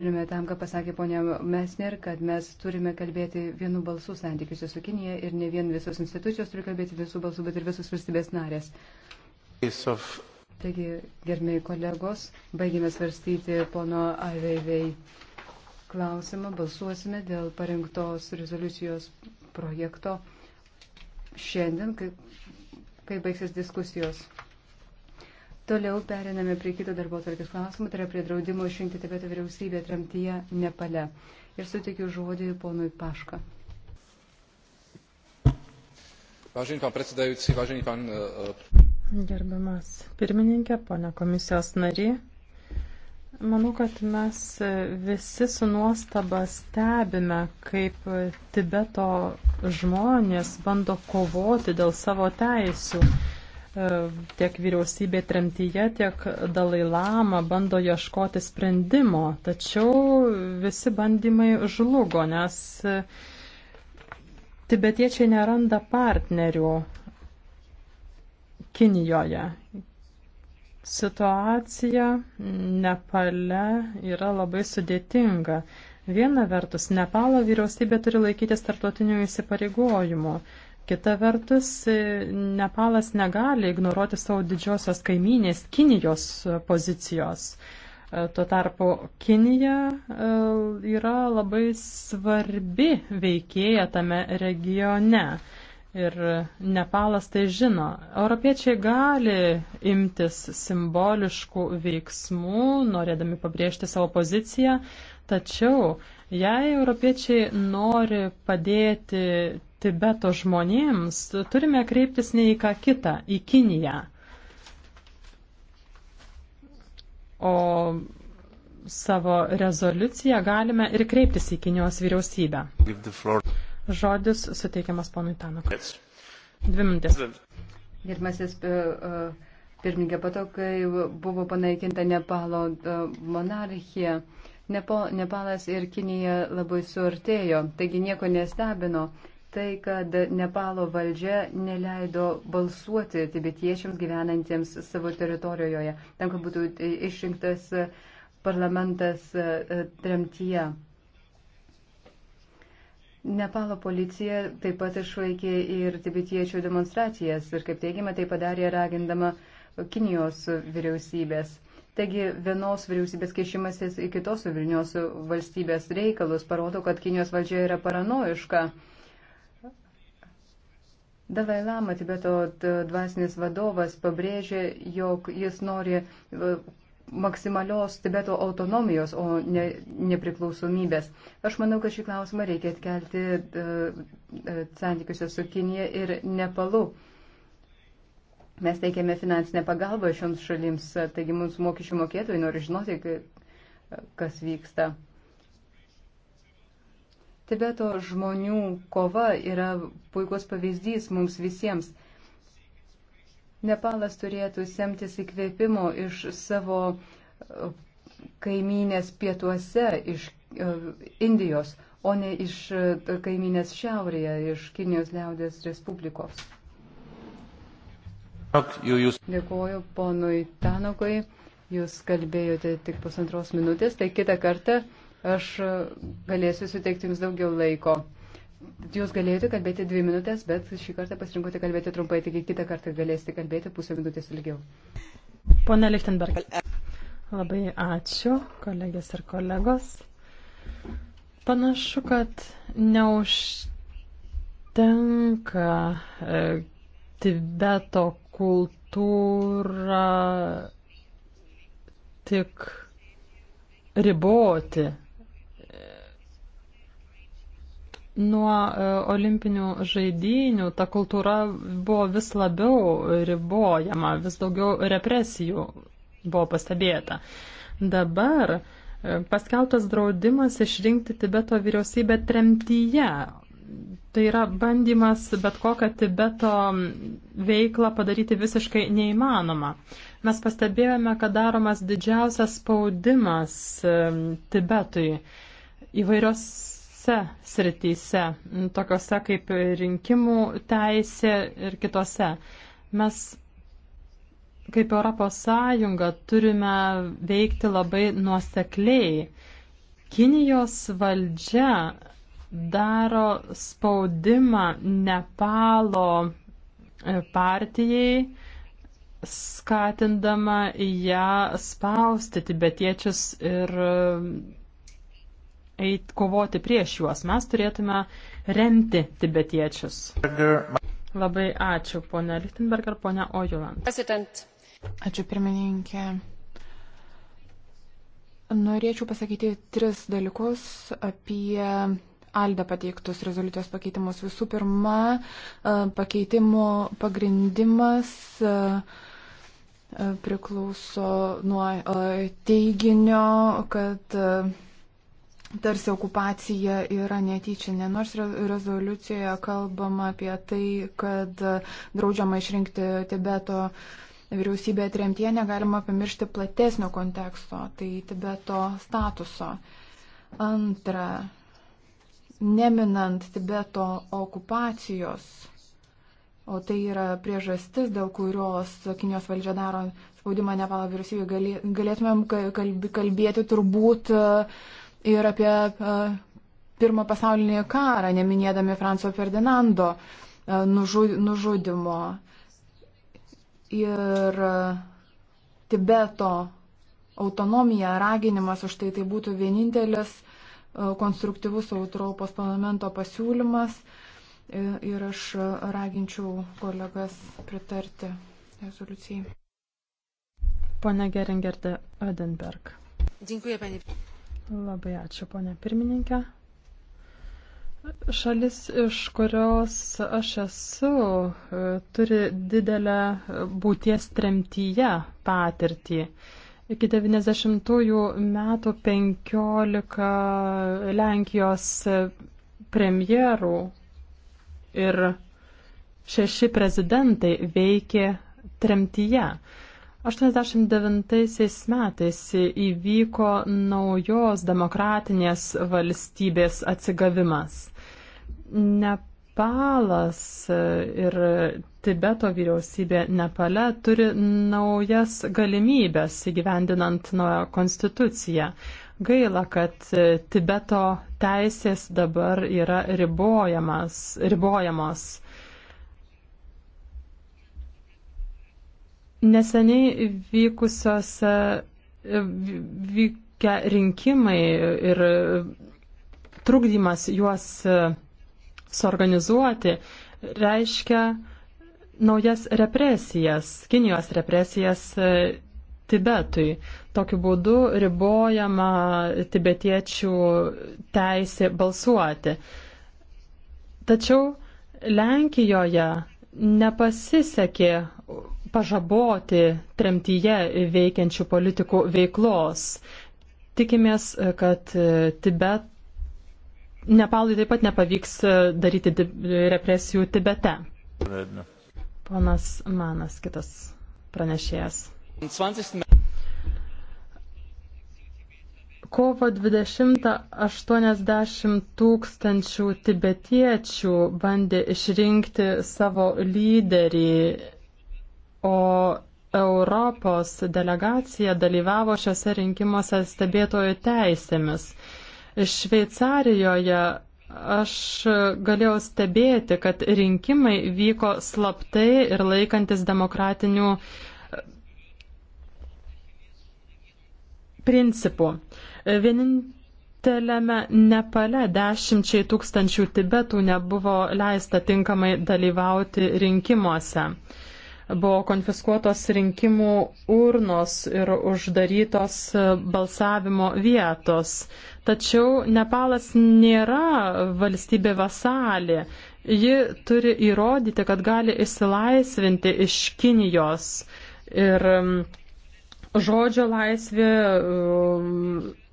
Turime tam, ką pasakė ponia Mesner, kad mes turime kalbėti vienu balsu santykiuose su Kinija ir ne vien visos institucijos turi kalbėti visų balsų, bet ir visos valstybės narės. Of... Taigi, gerbėjai kolegos, baigėme svarstyti pono Aiveivei klausimą, balsuosime dėl parengtos rezoliucijos projekto šiandien, kai, kai baigsis diskusijos. Toliau periname prie kito darbo tvarkės klausimų, tai yra prie draudimo išrinkti Tibeto vyriausybę tremtyje Nepale. Ir suteikiu žodį ponui Pašką. Vážený pán predsedajúci, vážený pán... E, e, Gerbiamas pirmininkė, ponia komisijos nariai, Manau, kad mes visi su nuostaba stebime, kaip Tibeto žmonės bando kovoti dėl savo teisių. E, tiek vyriausybė tremtyje, tiek Dalai Lama bando ieškoti sprendimo, tačiau visi bandymai žlugo, nes e, tibetiečiai neranda partnerių Kinijoje. Situacija Nepale yra labai sudėtinga. Viena vertus, Nepalo vyriausybė turi laikytis tartotinių įsipareigojimų. Kita vertus, Nepalas negali ignoruoti savo didžiosios kaiminės Kinijos pozicijos. Tuo tarpu Kinija e, yra labai svarbi veikėja tame regione. Ir Nepalas tai žino. Europiečiai gali imtis simboliškų veiksmų, norėdami pabrėžti savo poziciją, tačiau Jei europiečiai nori padėti Tibeto žmonėms, turime kreiptis ne į ką kitą, į Kiniją. O savo rezoliuciją galime ir kreiptis į Kinijos vyriausybę. Žodis suteikiamas ponui Tanukui. Dvi minutės. Gerbiamasis e, e, pirmininkė, po to, kai buvo panaikinta Nepalo e, monarchija, Nepo, Nepalas ir Kinija labai suartėjo, taigi nieko nestebino tai, kad Nepalo valdžia neleido balsuoti tibetiečiams gyvenantiems savo teritorijoje, tam, kad būtų išrinktas parlamentas e, e, tremtyje. Nepalo policija taip pat išvaikė ir tibetiečių demonstracijas ir, kaip teigiama, tai padarė ragindama Kinijos vyriausybės. Taigi vienos vyriausybės kešimasis į kitos suverinios valstybės reikalus parodo, kad Kinijos valdžia yra paranoiška. Dalai Lama, Tibeto dvasinis vadovas, pabrėžė, jog jis nori e, maksimalios Tibeto autonomijos, o ne nepriklausomybės. Aš manau, kad šį klausimą reikia atkelti uh, santykiuose su Kinija ir Nepalu. Uh, Mes teikiame finansinę pagalbą šioms šalims, taigi mums mokesčių mokėtojai nori žinoti, kas vyksta. Tibeto žmonių kova yra puikus pavyzdys mums visiems. Nepalas turėtų semtis įkvėpimo iš savo kaimynės pietuose, iš Indijos, o ne iš kaiminės šiaurėje, iš Kinijos liaudės Respublikos. Dėkuoju ponui Tanokui, jūs kalbėjote tik pusantros minutės, tai kitą kartą aš galėsiu suteikti jums daugiau laiko. Jūs galėjote kalbėti dvi minutės, bet šį kartą pasirinkote kalbėti trumpai, taigi kitą kartą galėsite kalbėti pusę minutės ilgiau. Pone Lichtenberg, labai ačiū, kolegės ir kolegos. Panašu, kad neužtenka e, Tibeto kultūrą tik riboti. Nuo e, olimpinių žaidynių ta kultūra buvo vis labiau ribojama, vis daugiau represijų buvo pastebėta. Dabar e, paskeltas draudimas išrinkti Tibeto vyriausybę tremtyje, Tai yra bandymas bet kokią Tibeto veiklą padaryti visiškai neįmanoma. Mes pastebėjome, kad daromas didžiausias spaudimas Tibetui įvairiose srityse, tokiuose kaip rinkimų teisė ir kitose. Mes kaip Europos Sąjunga turime veikti labai nuosekliai. Kinijos valdžia daro spaudimą Nepalo e, partijai, skatindama ją spausti tibetiečius ir e, eit kovoti prieš juos. Mes turėtume remti tibetiečius. Labai ačiū, ponia Lichtenberg ir ponia Ojuland. President. Ačiū, pirmininkė. Norėčiau pasakyti tris dalykus apie Alde pateiktus rezoliucijos pakeitimus. Visų pirma, e, pakeitimo pagrindimas e, e, priklauso nuo teiginio, kad tarsi okupacija yra netyčinė. Nors rezoliucijoje kalbama apie tai, kad draudžiama išrinkti Tibeto vyriausybė atremtie, negalima pamiršti platesnio konteksto, tai Tibeto statuso. Antra, neminant Tibeto okupacijos. O tai yra priežastis, dėl kurios Kinijos valdžia daro spaudimą Nepalo vyriausybei. Galėtumėm kalbėti turbūt e, ir apie e, Pirmą pasaulinį karą, neminėdami Franco Ferdinando e, nužudimo ir Tibeto autonomija, raginimas už tai tai būtų vienintelis konstruktyvus Europos parlamento pasiūlymas ir aš raginčiau kolegas pritarti rezoliucijai. Pone Geringerde Odenberg. Dziękuję, panie. Labai ačiū, ponė pirmininkė. Šalis, iš kurios aš esu, turi didelę būties tremtyje patirtį. Iki 90-ųjų metų 15 Lenkijos premjerų ir šeši prezidentai veikė tremtyje. 89 metais įvyko naujos demokratinės valstybės atsigavimas. Ne Nepalas e, ir Tibeto vyriausybė Nepale turi naujas galimybės įgyvendinant naują konstituciją. Gaila, kad e, Tibeto teisės dabar yra ribojamos. Neseniai vykusiose e, vykę rinkimai ir trukdymas juos suorganizuoti, reiškia naujas represijas, Kinijos represijas e, Tibetui. Tokiu būdu ribojama tibetiečių teisė balsuoti. Tačiau Lenkijoje nepasisekė pažaboti tremtyje veikiančių politikų veiklos. Tikimės, kad Tibet Nepalui taip pat nepavyks e, daryti represijų Tibete. Ponas Manas, kitas pranešėjas. Kovo 20-80 tūkstančių tibetiečių bandė išrinkti savo lyderį, o Europos delegacija dalyvavo šiuose rinkimuose stebėtojų teisėmis. Šveicarijoje aš galėjau stebėti, kad rinkimai vyko slaptai ir laikantis demokratinių e, principų. Vieninteliame Nepale dešimčiai tūkstančių tibetų nebuvo leista tinkamai dalyvauti rinkimuose. Buvo konfiskuotos rinkimų urnos ir uždarytos e, balsavimo vietos. Tačiau Nepalas nėra valstybė vasalė. Ji turi įrodyti, kad gali išsilaisvinti iš Kinijos. Ir mm, žodžio laisvė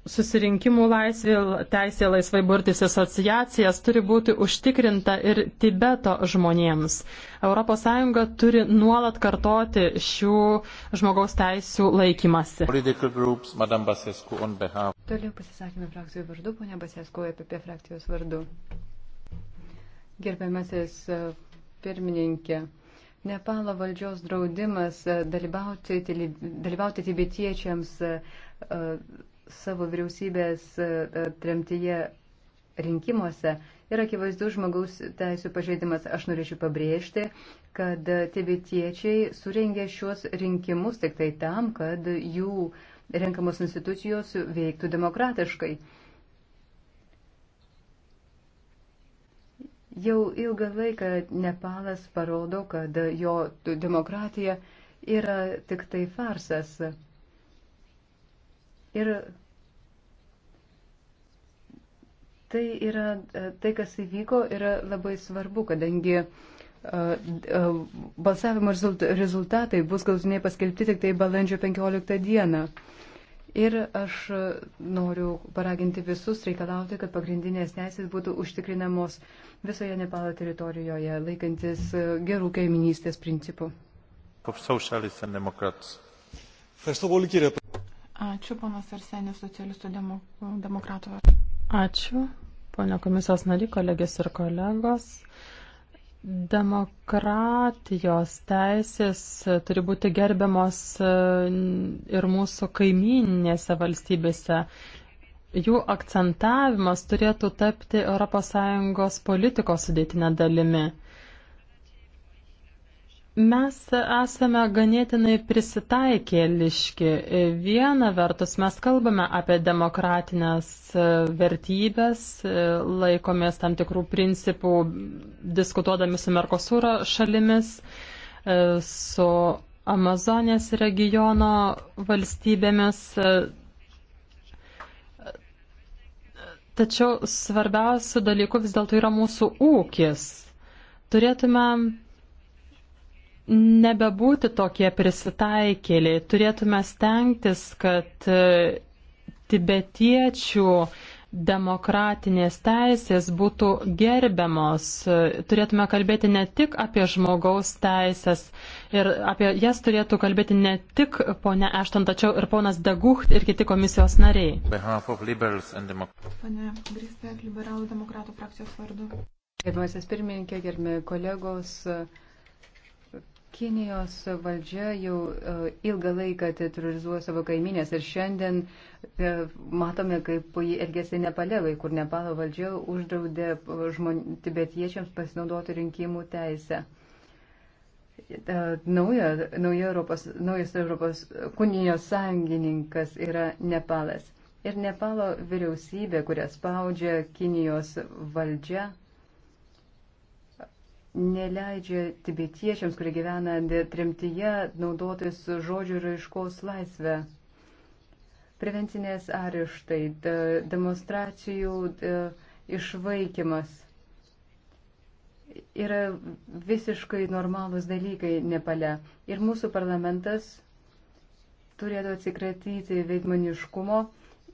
susirinkimų laisvė, teisė laisvai burtis asociacijas turi būti užtikrinta ir Tibeto žmonėms. ES turi nuolat kartoti šių žmogaus teisų laikymasi. Groups, Basescu, Toliau pasisakymė frakcijų vardu, ponia Basesku, EPP frakcijos vardu. Gerbiamasis e, pirmininkė. Nepalo valdžios draudimas e, dalyvauti, dalyvauti tibetiečiams uh, savo vyriausybės e, e, tremtyje rinkimuose yra akivaizdus žmogaus teisų pažeidimas. Aš norėčiau pabrėžti, kad tibetiečiai surengė šios rinkimus tik tai tam, kad jų renkamos institucijos veiktų demokratiškai. Jau ilgą laiką Nepalas parodo, kad jo demokratija yra tik tai farsas. Ir tai yra, e, tai kas įvyko, yra labai svarbu, kadangi e, e, balsavimo rezultatai bus galutiniai paskelbti tik tai balandžio 15 dieną. Ir aš noriu paraginti visus reikalauti, kad pagrindinės teisės būtų užtikrinamos visoje Nepalo teritorijoje, laikantis gerų kaiminystės principų. Ačiū, ponas Arsenis, socialistų demokratų. Ačiū, ponio komisijos nari, kolegės ir kolegos. Demokratijos teisės turi būti gerbiamos e, ir mūsų kaiminėse valstybėse. Jų akcentavimas turėtų tapti ES politikos sudėtinę dalimi. Mes esame ganėtinai prisitaikėliški. Viena vertus mes kalbame apie demokratinės vertybės, laikomės tam tikrų principų, diskutuodami su Merkosūro šalimis, su Amazonės regiono valstybėmis. Tačiau svarbiausių dalykų vis dėlto yra mūsų ūkis. Turėtume nebebūti tokie prisitaikėliai. Turėtume stengtis, kad e, tibetiečių demokratinės teisės būtų gerbiamos. E, turėtume kalbėti ne tik apie žmogaus teisės ir apie jas turėtų kalbėti ne tik ponia Ešton, tačiau ir ponas Degucht ir kiti komisijos nariai. Pane Grisbek, liberalų demokratų frakcijos vardu. Gerbiamasis pirmininkė, gerbimi kolegos. Uh, Kinijos valdžia jau e, ilgą laiką terrorizuoja savo kaiminės ir šiandien e, matome, kaip jį elgėsi Nepalevai, kur Nepalo valdžia uždraudė e, žmon... tibetiečiams pasinaudoti rinkimų teisę. Nauja, nauja Europos, naujas Europos kunijos sąjungininkas yra Nepalas. Ir Nepalo vyriausybė, kurią spaudžia Kinijos valdžia, neleidžia tibetiečiams, kurie gyvena tremtyje, naudotis žodžių ir aiškos laisvę. Prevencinės areštai, de, demonstracijų de, išvaikimas yra visiškai normalūs dalykai Nepale. Ir mūsų parlamentas turėtų atsikratyti veidmaniškumo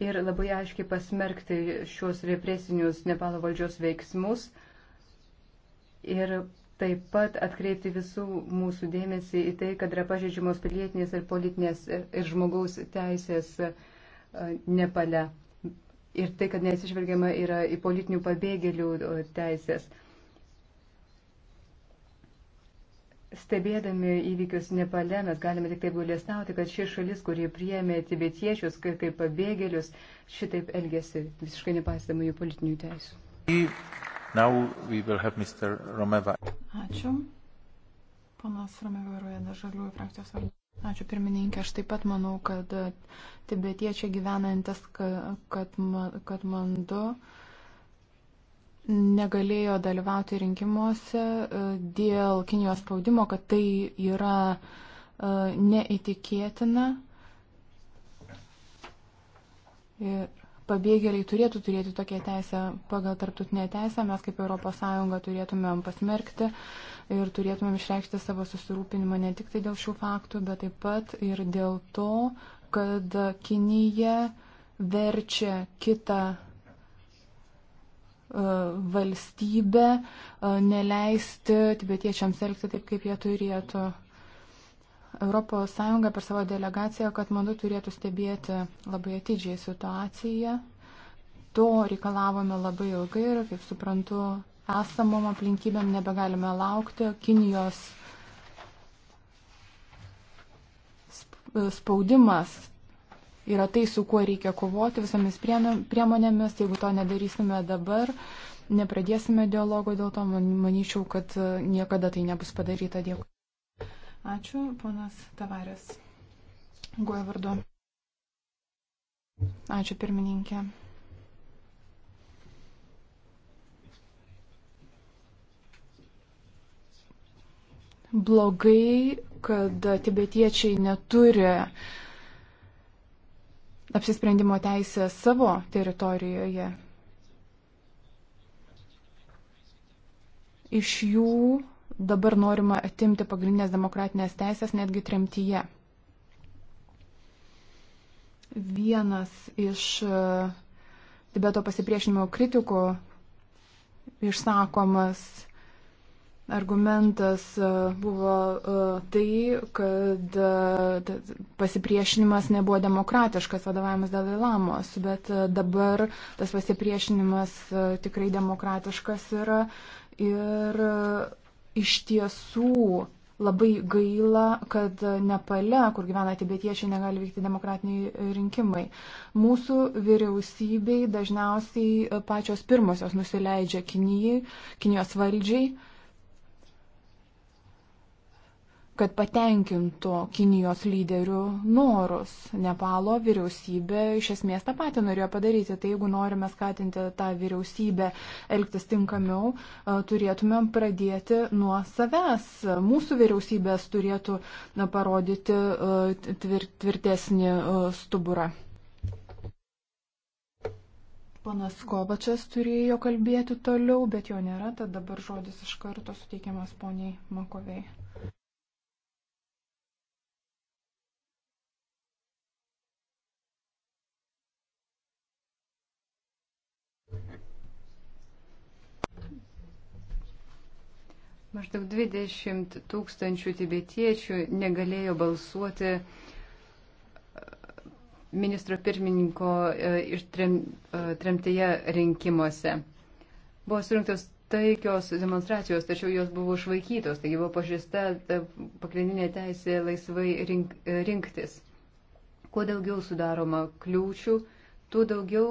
ir labai aiškiai pasmerkti šios represinius Nepalo valdžios veiksmus ir taip pat atkreipti visų mūsų dėmesį į tai, kad yra pažeidžiamos pilietinės ir politinės ir žmogaus teisės e, Nepale. Ir tai, kad neatsižvelgiama yra į politinių pabėgėlių teisės. Stebėdami įvykius Nepale mes galime tik taip gailestauti, kad ši šalis, kurie priėmė tibetiečius kaip pabėgėlius, šitaip elgėsi visiškai nepaisydama jų politinių teisų. Ačiū. Ponas Romeva Rueda, Žaliųjų frakcijos vardu. Ačiū pirmininkė, aš taip pat manau, kad e, tibetiečiai gyvenantis Katmandu negalėjo dalyvauti rinkimuose e, dėl Kinijos spaudimo, kad tai yra e, neįtikėtina. Ir pabėgėliai turėtų turėti tokią teisę pagal tarptautinę teisę, mes kaip ES turėtumėm pasmerkti ir turėtumėm išreikšti savo susirūpinimą ne tik tai dėl šių faktų, bet taip pat ir dėl to, kad Kinija verčia kitą e, valstybę e, neleisti tibetiečiams elgti taip, kaip jie turėtų ES per savo delegaciją Katmandu turėtų stebėti labai atidžiai situaciją. To reikalavome labai ilgai ir, kaip suprantu, esamom aplinkybėm nebegalime laukti. Kinijos spaudimas yra tai, su kuo reikia kovoti visomis priemonėmis. Jeigu to nedarysime dabar, nepradėsime dialogo dėl to, manyčiau, kad niekada tai nebus padaryta. Dėkui. Ačiū, ponas Tavarės. Guoja vardu. Ačiū, pirmininkė. Blogai, kad tibetiečiai neturi apsisprendimo teisę savo teritorijoje. Iš jų dabar norima atimti pagrindinės demokratinės teisės netgi tremtyje. Vienas iš e, Tibeto pasipriešinimo kritikų išsakomas argumentas e, buvo e, tai, kad pasipriešinimas nebuvo demokratiškas vadovavimas Dalai Lamos, bet dabar tas pasipriešinimas tikrai demokratiškas yra ir Iš tiesų labai gaila, kad Nepale, kur gyvena tibetiečiai, negali vykti demokratiniai rinkimai. Mūsų vyriausybei dažniausiai pačios pirmosios nusileidžia Kinijai, Kinijos valdžiai kad patenkintų Kinijos lyderių norus. Nepalo vyriausybė iš esmės tą patį norėjo padaryti. Tai jeigu norime skatinti tą vyriausybę elgtis tinkamiau, e, turėtumėm pradėti nuo savęs. Mūsų vyriausybės turėtų parodyti e, tvirtesnį e, stuburą. Panas Kovačas turėjo kalbėti toliau, bet jo nėra, tad dabar žodis iš karto suteikiamas poniai Makovei. Maždaug 20 tūkstančių tibetiečių negalėjo balsuoti e, ministro pirmininko e, iš trem, e, tremtyje rinkimuose. Buvo surinktos taikios demonstracijos, tačiau jos buvo išvaikytos, taigi buvo pažįsta pagrindinė teisė laisvai rink, rinktis. Kuo daugiau sudaroma kliūčių, tuo daugiau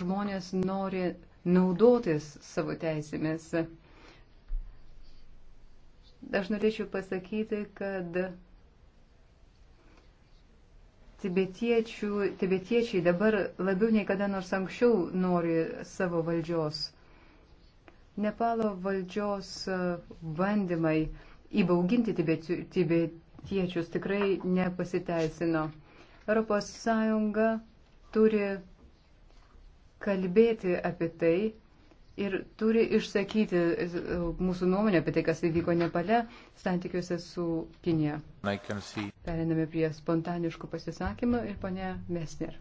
žmonės nori naudotis savo teisėmis. Aš norėčiau pasakyti, kad tibetiečiai dabar labiau nei kada nors anksčiau nori savo valdžios. Nepalo valdžios e, bandymai įbauginti tibetiečius tikrai nepasiteisino. ES turi kalbėti apie tai, ir turi išsakyti e, mūsų nuomonę apie tai, kas įvyko Nepale santykiuose su Kinė. Periname prie spontaniškų pasisakymų ir ponė Mesner.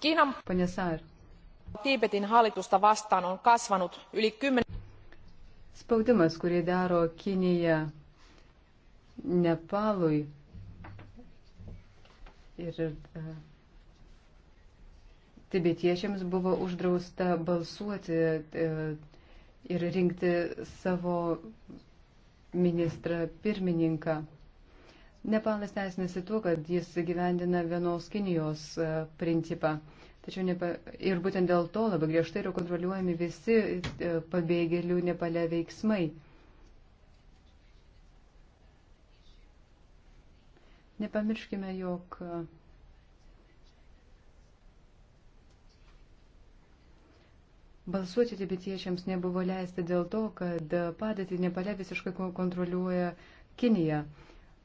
Kiinan ponė Saar. Tiibetin hallitusta vastaan on kasvanut yli 10. Spaudimas, kurį daro Kinija Nepalui ir uh, tibetiečiams buvo uždrausta balsuoti e, ir rinkti savo ministrą pirmininką. Nepalas teisinasi tuo, kad jis gyvendina vienos Kinijos e, principą. Tačiau nepa... ir būtent dėl to labai griežtai yra kontroliuojami visi e, pabėgėlių nepale veiksmai. Nepamirškime, jog Balsuoti tibetiečiams nebuvo leisti dėl to, kad padėtį Nepale visiškai kontroliuoja Kinija.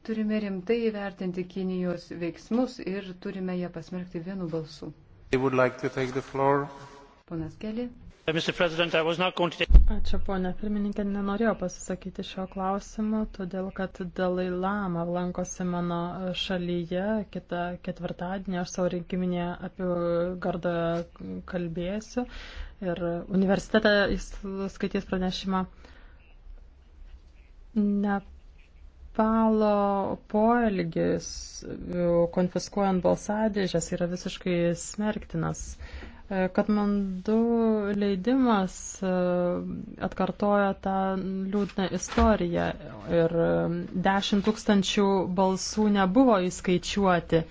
Turime rimtai įvertinti Kinijos veiksmus ir turime ją pasmerkti vienu balsu. Like Ponas Keli. Uh, Ačiū, ponė pirmininkė, nenorėjau pasisakyti šio klausimu, todėl kad Dalai Lama lankosi mano šalyje, kitą ketvirtadienį aš savo rinkiminėje apie gardą kalbėsiu ir universitetą jis skaitys pranešimą. Nepalo poelgis e, konfiskuojant balsadėžės yra visiškai smerktinas. E, Katmandu leidimas e, atkartoja tą liūdną istoriją ir 10 tūkstančių balsų nebuvo įskaičiuoti.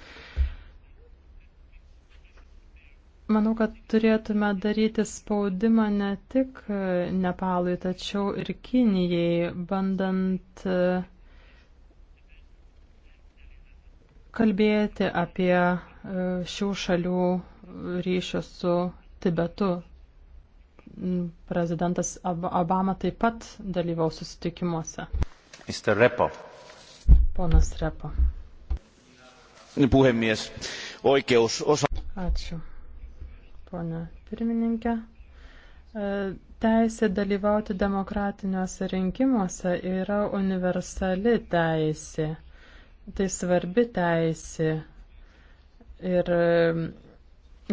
Manau, kad turėtume daryti spaudimą ne tik e, Nepalui, tačiau ir Kinijai, bandant e, kalbėti apie e, šių šalių ryšius su Tibetu. Mm, prezidentas Obama taip pat dalyvaus susitikimuose. Mr. Repo. Ponas Repo. Puhemies, oikeus osa... Ačiū ponė pirmininkė. E, teisė dalyvauti demokratiniuose rinkimuose yra universali teisė. Tai svarbi teisė. Ir e,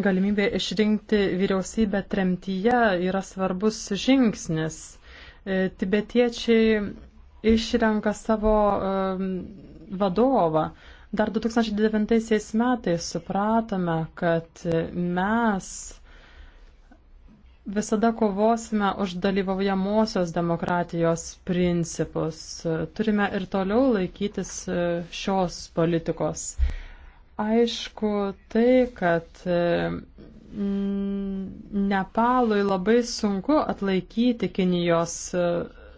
galimybė išrinkti vyriausybę tremtyje yra svarbus žingsnis. E, tibetiečiai išrenka savo vadovą. Dar 2009 metais supratome, kad mes visada kovosime už dalyvaujamosios demokratijos principus. Turime ir toliau laikytis šios politikos. Aišku, tai, kad mm, Nepalui labai sunku atlaikyti Kinijos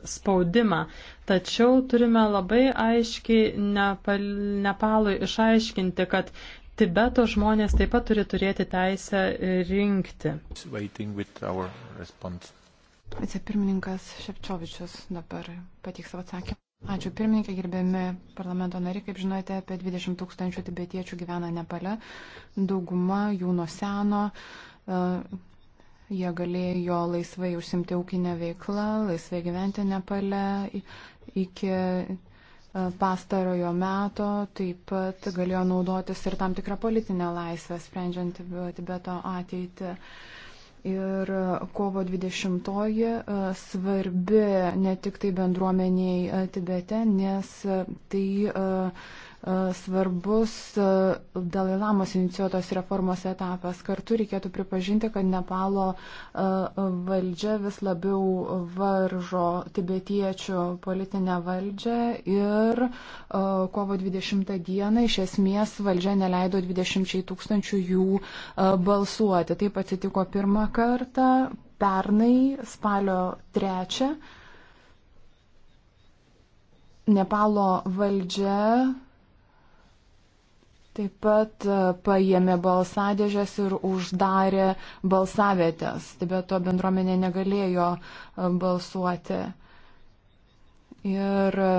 spaudimą. Tačiau turime labai aiškiai Nepal, Nepalui išaiškinti, kad Tibeto žmonės taip pat turi turėti teisę rinkti. Vicepirmininkas Šepčiovičius dabar patiks savo atsakymą. Ačiū pirmininkė, gerbėmi parlamento nariai. Kaip žinote, apie 20 tūkstančių tibetiečių gyvena Nepale. Dauguma jų nuo seno Jie galėjo laisvai užsimti ūkinę veiklą, laisvai gyventi Nepale iki e, pastarojo meto, taip pat galėjo naudotis ir tam tikrą politinę laisvę, sprendžiant Tibeto ateitį. Ir kovo 20-oji e, svarbi ne tik tai bendruomeniai e, Tibete, nes tai E, svarbus e, Dalai Lamos inicijuotos reformos etapas. Kartu reikėtų pripažinti, kad Nepalo e, valdžia vis labiau varžo tibetiečių politinę valdžią ir kovo 20 dieną iš esmės valdžia neleido 20 tūkstančių jų balsuoti. Taip atsitiko pirmą kartą pernai spalio 3. Nepalo valdžia Taip pat e, paėmė balsadėžės ir uždarė balsavietės. Tibeto bendruomenė negalėjo e, balsuoti. Ir e,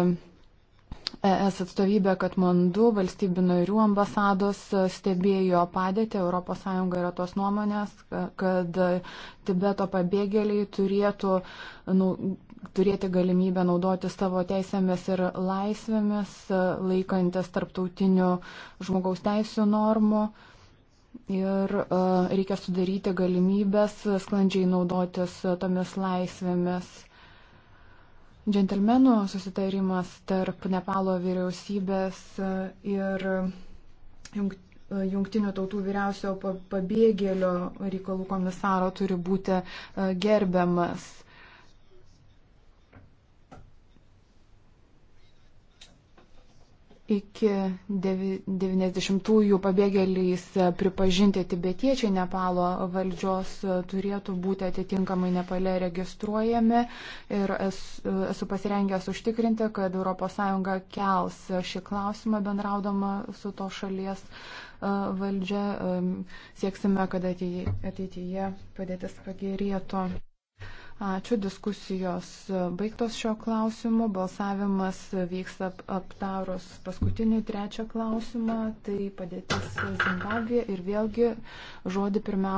ES atstovybė Katmandu, valstybių narių ambasados stebėjo padėtį. ES yra tos nuomonės, kad Tibeto pabėgėliai turėtų nu, turėti galimybę naudoti savo teisėmis ir laisvėmis, laikantis tarptautinių žmogaus teisų normų. Ir e, reikia sudaryti galimybės sklandžiai naudotis tomis laisvėmis. Džentelmenų susitarimas tarp Nepalo vyriausybės ir jungtinių tautų vyriausiojo pabėgėlio reikalų komisaro turi būti e, gerbiamas. Iki 90-ųjų pabėgėliais pripažinti tibetiečiai Nepalo valdžios turėtų būti atitinkamai Nepale registruojami ir esu pasirengęs užtikrinti, kad ES kels šį klausimą bendraudama su to šalies e, valdžia. Sieksime, kad ateityje padėtis pagerėtų. Ačiū, diskusijos baigtos šio klausimu. Balsavimas vyks ap aptarus paskutinį trečią klausimą, tai padėtis Zimbabvė ir vėlgi žodį pirmiausia.